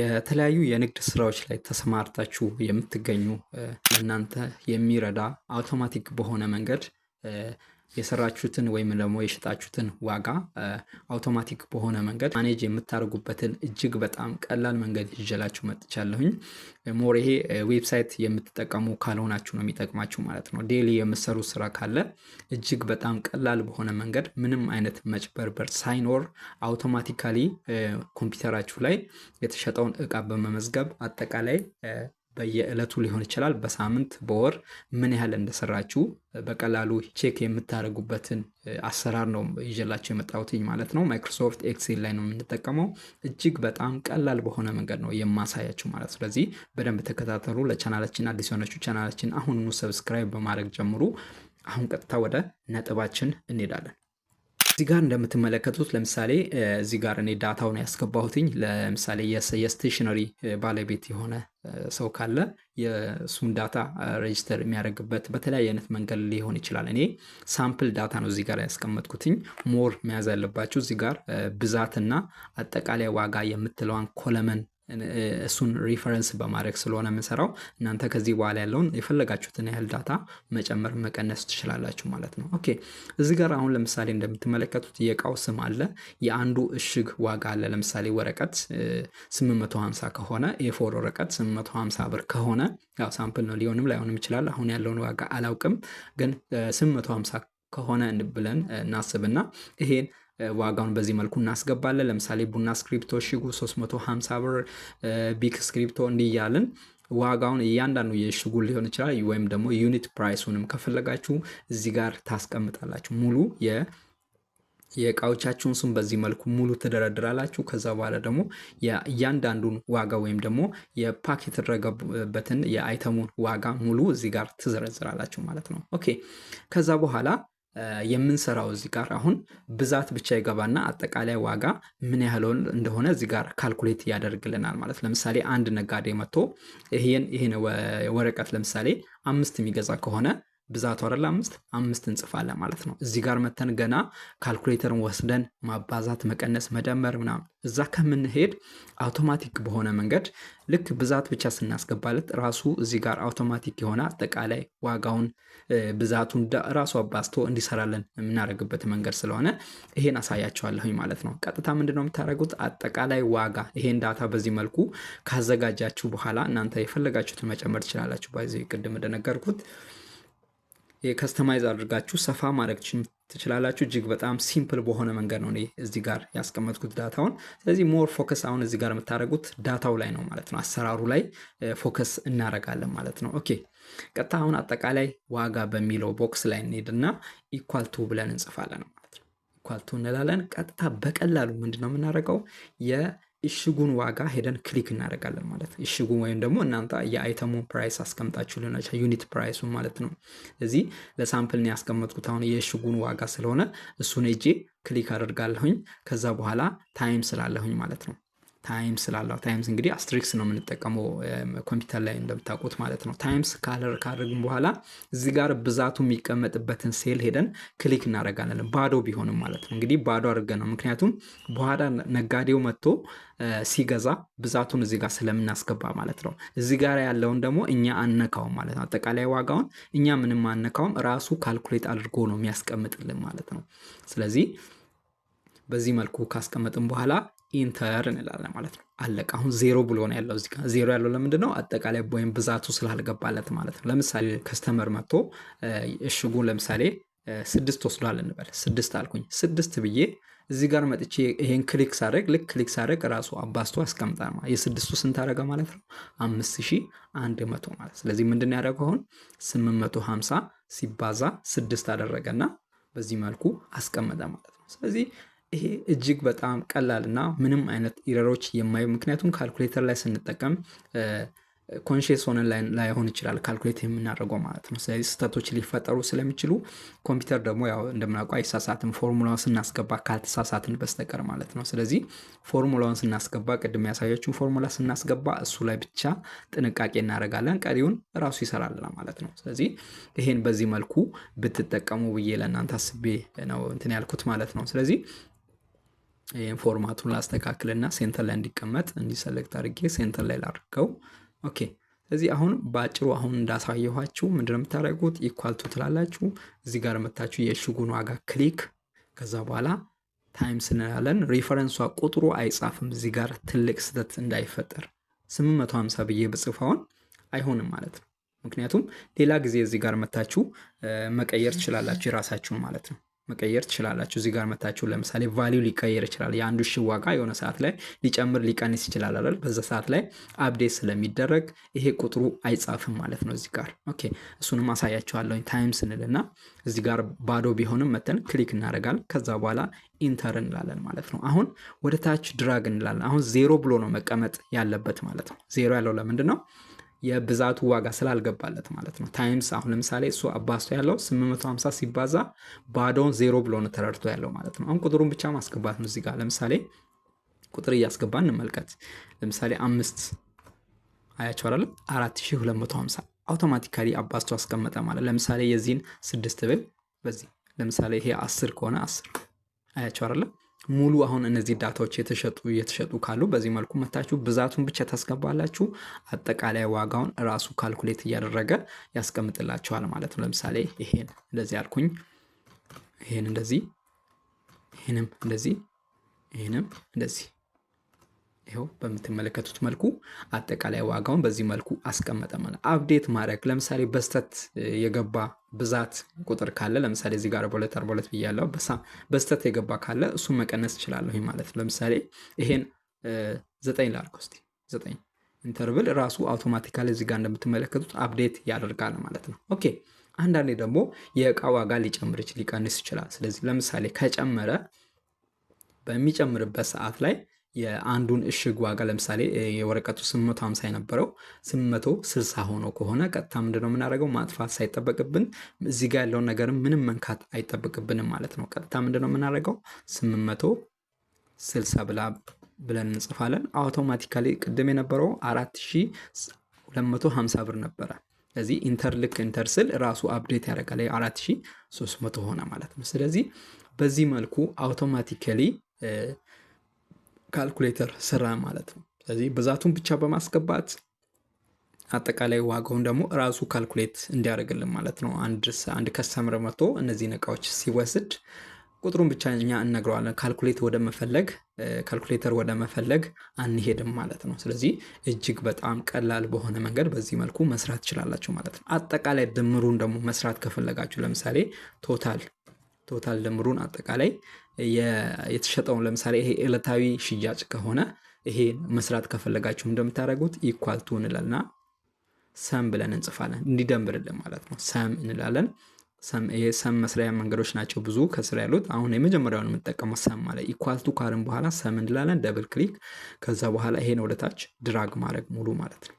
የተለያዩ የንግድ ስራዎች ላይ ተሰማርታችሁ የምትገኙ ለእናንተ የሚረዳ አውቶማቲክ በሆነ መንገድ የሰራችሁትን ወይም ደግሞ የሸጣችሁትን ዋጋ አውቶማቲክ በሆነ መንገድ ማኔጅ የምታደርጉበትን እጅግ በጣም ቀላል መንገድ ይዤላችሁ መጥቻለሁኝ። ሞር ይሄ ዌብሳይት የምትጠቀሙ ካልሆናችሁ ነው የሚጠቅማችሁ ማለት ነው። ዴሊ የምሰሩ ስራ ካለ እጅግ በጣም ቀላል በሆነ መንገድ ምንም አይነት መጭበርበር ሳይኖር አውቶማቲካሊ ኮምፒውተራችሁ ላይ የተሸጠውን እቃ በመመዝገብ አጠቃላይ በየዕለቱ ሊሆን ይችላል፣ በሳምንት በወር ምን ያህል እንደሰራችሁ በቀላሉ ቼክ የምታደርጉበትን አሰራር ነው ይዤላቸው የመጣሁትኝ ማለት ነው። ማይክሮሶፍት ኤክሴል ላይ ነው የምንጠቀመው። እጅግ በጣም ቀላል በሆነ መንገድ ነው የማሳያችሁ ማለት ነው። ስለዚህ በደንብ ተከታተሉ። ለቻናላችን አዲስ የሆነችው ቻናላችን አሁኑኑ ሰብስክራይብ በማድረግ ጀምሩ። አሁን ቀጥታ ወደ ነጥባችን እንሄዳለን። እዚህ ጋር እንደምትመለከቱት ለምሳሌ እዚህ ጋር እኔ ዳታውን ያስገባሁትኝ ለምሳሌ የስቴሽነሪ ባለቤት የሆነ ሰው ካለ የእሱን ዳታ ሬጅስተር የሚያደርግበት በተለያየ አይነት መንገድ ሊሆን ይችላል። እኔ ሳምፕል ዳታ ነው እዚህ ጋር ያስቀመጥኩትኝ። ሞር መያዝ ያለባችሁ እዚህ ጋር ብዛትና አጠቃላይ ዋጋ የምትለዋን ኮለመን እሱን ሪፈረንስ በማድረግ ስለሆነ የምንሰራው እናንተ ከዚህ በኋላ ያለውን የፈለጋችሁትን ያህል ዳታ መጨመር መቀነስ ትችላላችሁ ማለት ነው። ኦኬ እዚ ጋር አሁን ለምሳሌ እንደምትመለከቱት የእቃው ስም አለ፣ የአንዱ እሽግ ዋጋ አለ። ለምሳሌ ወረቀት 850 ከሆነ ኤፎር ወረቀት 850 ብር ከሆነ ያው ሳምፕል ነው፣ ሊሆንም ላይሆንም ይችላል። አሁን ያለውን ዋጋ አላውቅም፣ ግን 850 ከሆነ ብለን እናስብና ይሄን ዋጋውን በዚህ መልኩ እናስገባለን። ለምሳሌ ቡና ስክሪፕቶ ሽጉ 350 ብር፣ ቢክ ስክሪፕቶ እንዲህ እያልን ዋጋውን እያንዳንዱ የሽጉል ሊሆን ይችላል ወይም ደግሞ ዩኒት ፕራይሱንም ከፈለጋችሁ እዚህ ጋር ታስቀምጣላችሁ ሙሉ የ የእቃዎቻችሁን ስም በዚህ መልኩ ሙሉ ትደረድራላችሁ። ከዛ በኋላ ደግሞ እያንዳንዱን ዋጋ ወይም ደግሞ የፓክ የተደረገበትን የአይተሙን ዋጋ ሙሉ እዚህ ጋር ትዘረዝራላችሁ ማለት ነው። ኦኬ ከዛ በኋላ የምንሰራው እዚህ ጋር አሁን ብዛት ብቻ ይገባና አጠቃላይ ዋጋ ምን ያህል እንደሆነ እዚህ ጋር ካልኩሌት ያደርግልናል ማለት። ለምሳሌ አንድ ነጋዴ መጥቶ ይሄን ይሄን ወረቀት ለምሳሌ አምስት የሚገዛ ከሆነ ብዛቱ አይደለ አምስት አምስት እንጽፋለን ማለት ነው። እዚህ ጋር መተን ገና ካልኩሌተርን ወስደን ማባዛት፣ መቀነስ፣ መደመር ምናምን እዛ ከምንሄድ አውቶማቲክ በሆነ መንገድ ልክ ብዛት ብቻ ስናስገባለት ራሱ እዚህ ጋር አውቶማቲክ የሆነ አጠቃላይ ዋጋውን ብዛቱን ራሱ አባዝቶ እንዲሰራለን የምናደርግበት መንገድ ስለሆነ ይሄን አሳያቸዋለሁኝ ማለት ነው። ቀጥታ ምንድነው የምታደርጉት? አጠቃላይ ዋጋ ይሄን ዳታ በዚህ መልኩ ካዘጋጃችሁ በኋላ እናንተ የፈለጋችሁትን መጨመር ትችላላችሁ። በዚህ ቅድም እንደነገርኩት ከስተማይዝ አድርጋችሁ ሰፋ ማድረግ ትችላላችሁ። እጅግ በጣም ሲምፕል በሆነ መንገድ ነው እኔ እዚህ ጋር ያስቀመጥኩት ዳታውን። ስለዚህ ሞር ፎከስ አሁን እዚህ ጋር የምታደርጉት ዳታው ላይ ነው ማለት ነው፣ አሰራሩ ላይ ፎከስ እናደርጋለን ማለት ነው። ኦኬ ቀጥታ አሁን አጠቃላይ ዋጋ በሚለው ቦክስ ላይ እንሄድና ኢኳልቱ ብለን እንጽፋለን ማለት ነው። ኢኳልቱ እንላለን። ቀጥታ በቀላሉ ምንድን ነው የምናደርገው እሽጉን ዋጋ ሄደን ክሊክ እናደርጋለን ማለት እሽጉ ወይም ደግሞ እናንተ የአይተሙን ፕራይስ አስቀምጣችሁ ሊሆን ይችላል ዩኒት ፕራይሱን ማለት ነው። እዚህ ለሳምፕል ነው ያስቀመጥኩት አሁን የእሽጉን ዋጋ ስለሆነ እሱን እጄ ክሊክ አደርጋለሁኝ። ከዛ በኋላ ታይም ስላለሁኝ ማለት ነው ታይምስ ስላለው ታይምስ እንግዲህ አስትሪክስ ነው የምንጠቀመው ኮምፒውተር ላይ እንደምታውቁት ማለት ነው። ታይምስ ካደረግን በኋላ እዚህ ጋር ብዛቱ የሚቀመጥበትን ሴል ሄደን ክሊክ እናደርጋለን። ባዶ ቢሆንም ማለት ነው እንግዲህ ባዶ አድርገን ነው ምክንያቱም በኋላ ነጋዴው መጥቶ ሲገዛ ብዛቱን እዚህ ጋር ስለምናስገባ ማለት ነው። እዚህ ጋር ያለውን ደግሞ እኛ አነካውም ማለት ነው። አጠቃላይ ዋጋውን እኛ ምንም አነካውም፣ ራሱ ካልኩሌት አድርጎ ነው የሚያስቀምጥልን ማለት ነው። ስለዚህ በዚህ መልኩ ካስቀመጥን በኋላ ኢንተር እንላለን ማለት ነው። አለቀ። አሁን ዜሮ ብሎ ነው ያለው እዚጋ ዜሮ ያለው ለምንድን ነው? አጠቃላይ ወይም ብዛቱ ስላልገባለት ማለት ነው። ለምሳሌ ከስተመር መጥቶ እሽጉን ለምሳሌ ስድስት ወስዷል እንበል። ስድስት አልኩኝ። ስድስት ብዬ እዚህ ጋር መጥቼ ይሄን ክሊክ ሳደረግ ልክ ክሊክ ሳረግ ራሱ አባስቶ አስቀምጣ የስድስቱ ስንት አደረገ ማለት ነው? አምስት ሺህ አንድ መቶ ማለት ስለዚህ ምንድን ያደረገው አሁን ስምንት መቶ ሀምሳ ሲባዛ ስድስት አደረገና በዚህ መልኩ አስቀመጠ ማለት ነው። ስለዚህ ይሄ እጅግ በጣም ቀላል እና ምንም አይነት ኢረሮች የማይ ምክንያቱም ካልኩሌተር ላይ ስንጠቀም ኮንሽስ ሆነን ላይሆን ይችላል ካልኩሌት የምናደርገው ማለት ነው። ስለዚህ ስህተቶች ሊፈጠሩ ስለሚችሉ ኮምፒውተር ደግሞ ያው እንደምናውቀው አይሳሳትን ፎርሙላ ስናስገባ ካልተሳሳትን በስተቀር ማለት ነው። ስለዚህ ፎርሙላውን ስናስገባ ቅድም ያሳያችሁን ፎርሙላ ስናስገባ እሱ ላይ ብቻ ጥንቃቄ እናደርጋለን። ቀሪውን ራሱ ይሰራልና ማለት ነው። ስለዚህ ይሄን በዚህ መልኩ ብትጠቀሙ ብዬ ለእናንተ አስቤ ነው እንትን ያልኩት ማለት ነው። ስለዚህ ፎርማቱን ላስተካክልና ሴንተር ላይ እንዲቀመጥ እንዲሰለክት አድርጌ ሴንተር ላይ ላድርገው። ኦኬ እዚህ አሁን በአጭሩ አሁን እንዳሳየኋችሁ ምንድነው የምታደርጉት? ኢኳልቱ ትላላችሁ። እዚህ ጋር መታችሁ የእሽጉን ዋጋ ክሊክ፣ ከዛ በኋላ ታይምስ እንላለን። ሪፈረንሷ ቁጥሩ አይጻፍም። እዚህ ጋር ትልቅ ስህተት እንዳይፈጠር 850 ብዬ ብጽፋውን አይሆንም ማለት ነው። ምክንያቱም ሌላ ጊዜ እዚህ ጋር መታችሁ መቀየር ትችላላችሁ የራሳችሁን ማለት ነው። መቀየር ትችላላችሁ። እዚህ ጋር መታችሁ ለምሳሌ ቫሊው ሊቀየር ይችላል። የአንዱ ሺ ዋጋ የሆነ ሰዓት ላይ ሊጨምር ሊቀንስ ይችላል አይደል? በዛ ሰዓት ላይ አፕዴት ስለሚደረግ ይሄ ቁጥሩ አይጻፍም ማለት ነው። እዚህ ጋር ኦኬ፣ እሱንም አሳያችኋለሁኝ። ታይም ስንልና እዚህ ጋር ባዶ ቢሆንም መተን ክሊክ እናደርጋለን። ከዛ በኋላ ኢንተር እንላለን ማለት ነው። አሁን ወደ ታች ድራግ እንላለን። አሁን ዜሮ ብሎ ነው መቀመጥ ያለበት ማለት ነው። ዜሮ ያለው ለምንድን ነው? የብዛቱ ዋጋ ስላልገባለት ማለት ነው። ታይምስ አሁን ለምሳሌ እሱ አባስቶ ያለው 850 ሲባዛ ባዶውን ዜሮ ብሎ ነው ተረድቶ ያለው ማለት ነው። አሁን ቁጥሩን ብቻ ማስገባት ነው። እዚጋ ለምሳሌ ቁጥር እያስገባ እንመልከት። ለምሳሌ አምስት አያቸው አላለም 4250 አውቶማቲካሊ አባስቶ አስቀመጠ ማለት ለምሳሌ የዚህን ስድስት ብል በዚህ ለምሳሌ ይሄ አስር ከሆነ አስር አያቸው አላለም ሙሉ አሁን እነዚህ ዳታዎች የተሸጡ እየተሸጡ ካሉ በዚህ መልኩ መታችሁ ብዛቱን ብቻ ታስገባላችሁ። አጠቃላይ ዋጋውን ራሱ ካልኩሌት እያደረገ ያስቀምጥላችኋል ማለት ነው። ለምሳሌ ይሄን እንደዚህ አልኩኝ፣ ይሄን እንደዚህ፣ ይሄንም እንደዚህ፣ ይሄንም እንደዚህ ይኸው በምትመለከቱት መልኩ አጠቃላይ ዋጋውን በዚህ መልኩ አስቀመጠ ማለት አፕዴት ማድረግ ለምሳሌ በስተት የገባ ብዛት ቁጥር ካለ ለምሳሌ እዚህ ጋር በሁለት አርባ ሁለት ብያለሁ በስተት የገባ ካለ እሱን መቀነስ እችላለሁ ማለት ለምሳሌ ይሄን ዘጠኝ ላልኩ እስኪ ዘጠኝ ኢንተርቭል ራሱ አውቶማቲካል እዚህ ጋር እንደምትመለከቱት አፕዴት ያደርጋል ማለት ነው ኦኬ አንዳንዴ ደግሞ የእቃ ዋጋ ሊጨምር ሊቀንስ ይችላል ስለዚህ ለምሳሌ ከጨመረ በሚጨምርበት ሰዓት ላይ የአንዱን እሽግ ዋጋ ለምሳሌ የወረቀቱ 850 የነበረው 860 ሆኖ ከሆነ ቀጥታ ምንድነው የምናደርገው? ማጥፋት ሳይጠበቅብን እዚህ ጋር ያለውን ነገርም ምንም መንካት አይጠበቅብንም ማለት ነው። ቀጥታ ምንድነው የምናደርገው? 860 ብላ ብለን እንጽፋለን። አውቶማቲካሊ ቅድም የነበረው 4250 ብር ነበረ። ስለዚህ ኢንተር ልክ ኢንተር ስል ራሱ አፕዴት ያደርጋል። 4300 ሆነ ማለት ነው። ስለዚህ በዚህ መልኩ አውቶማቲካሊ ካልኩሌተር ስራ ማለት ነው። ስለዚህ ብዛቱን ብቻ በማስገባት አጠቃላይ ዋጋውን ደግሞ ራሱ ካልኩሌት እንዲያደርግልን ማለት ነው። አንድ ከስተምር መቶ እነዚህን እቃዎች ሲወስድ ቁጥሩን ብቻ እኛ እነግረዋለን። ካልኩሌት ወደ መፈለግ ካልኩሌተር ወደ መፈለግ አንሄድም ማለት ነው። ስለዚህ እጅግ በጣም ቀላል በሆነ መንገድ በዚህ መልኩ መስራት ትችላላችሁ ማለት ነው። አጠቃላይ ድምሩን ደግሞ መስራት ከፈለጋችሁ ለምሳሌ ቶታል ቶታል ድምሩን አጠቃላይ የተሸጠውን ለምሳሌ ይሄ ዕለታዊ ሽያጭ ከሆነ ይሄ መስራት ከፈለጋችሁ እንደምታደርጉት ኢኳል ቱ እንላልና ሰም ብለን እንጽፋለን እንዲደንብርልን ማለት ነው። ሰም እንላለን። ይሄ ሰም መስሪያ መንገዶች ናቸው ብዙ ከስር ያሉት። አሁን የመጀመሪያውን የምጠቀመው ሰም ማለት ኢኳል ቱ ካልን በኋላ ሰም እንላለን። ደብል ክሊክ ከዛ በኋላ ይሄን ወደታች ድራግ ማድረግ ሙሉ ማለት ነው።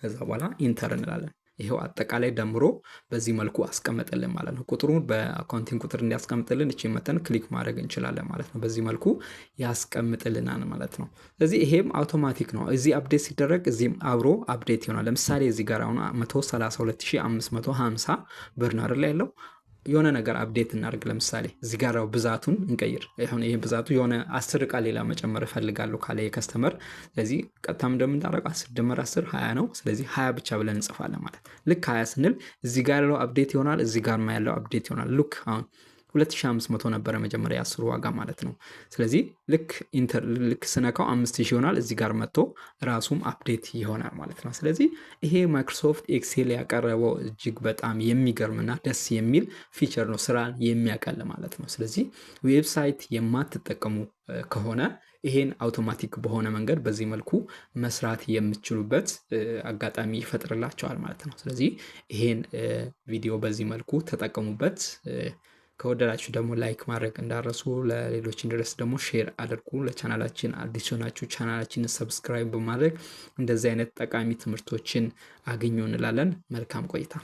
ከዛ በኋላ ኢንተር እንላለን። ይሄው አጠቃላይ ደምሮ በዚህ መልኩ አስቀምጥልን ማለት ነው። ቁጥሩን በአካውንቲንግ ቁጥር እንዲያስቀምጥልን እቺ መተን ክሊክ ማድረግ እንችላለን ማለት ነው። በዚህ መልኩ ያስቀምጥልናል ማለት ነው። ስለዚህ ይሄም አውቶማቲክ ነው። እዚህ አፕዴት ሲደረግ እዚህም አብሮ አፕዴት ይሆናል። ለምሳሌ እዚህ ጋር አሁን 132550 ብር ነው አይደል ያለው የሆነ ነገር አብዴት እናደርግ። ለምሳሌ እዚህ ጋር ብዛቱን እንቀይር። ሁን ይህ ብዛቱ የሆነ አስር እቃ ሌላ መጨመር እፈልጋለሁ ካለ የከስተመር ስለዚህ ቀጥታም እንደምንታረቀው አስር ድምር አስር ሀያ ነው። ስለዚህ ሀያ ብቻ ብለን እንጽፋለን ማለት ልክ ሀያ ስንል እዚህ ጋር ያለው አብዴት ይሆናል፣ እዚህ ጋር ያለው አብዴት ይሆናል። ልክ አሁን 2500 ነበረ መጀመሪያ የአስሩ ዋጋ ማለት ነው። ስለዚህ ልክ ኢንተር ልክ ስነካው 5000 ይሆናል። እዚህ ጋር መጥቶ ራሱም አፕዴት ይሆናል ማለት ነው። ስለዚህ ይሄ ማይክሮሶፍት ኤክሴል ያቀረበው እጅግ በጣም የሚገርምና ደስ የሚል ፊቸር ነው፣ ስራን የሚያቀል ማለት ነው። ስለዚህ ዌብሳይት የማትጠቀሙ ከሆነ ይሄን አውቶማቲክ በሆነ መንገድ በዚህ መልኩ መስራት የምትችሉበት አጋጣሚ ይፈጥርላቸዋል ማለት ነው። ስለዚህ ይሄን ቪዲዮ በዚህ መልኩ ተጠቀሙበት። ከወደዳችሁ ደግሞ ላይክ ማድረግ እንዳረሱ ለሌሎች እንድረስ ደግሞ ሼር አድርጉ። ለቻናላችን አዲስ ሆናችሁ ቻናላችንን ሰብስክራይብ በማድረግ እንደዚህ አይነት ጠቃሚ ትምህርቶችን አገኙ እንላለን። መልካም ቆይታ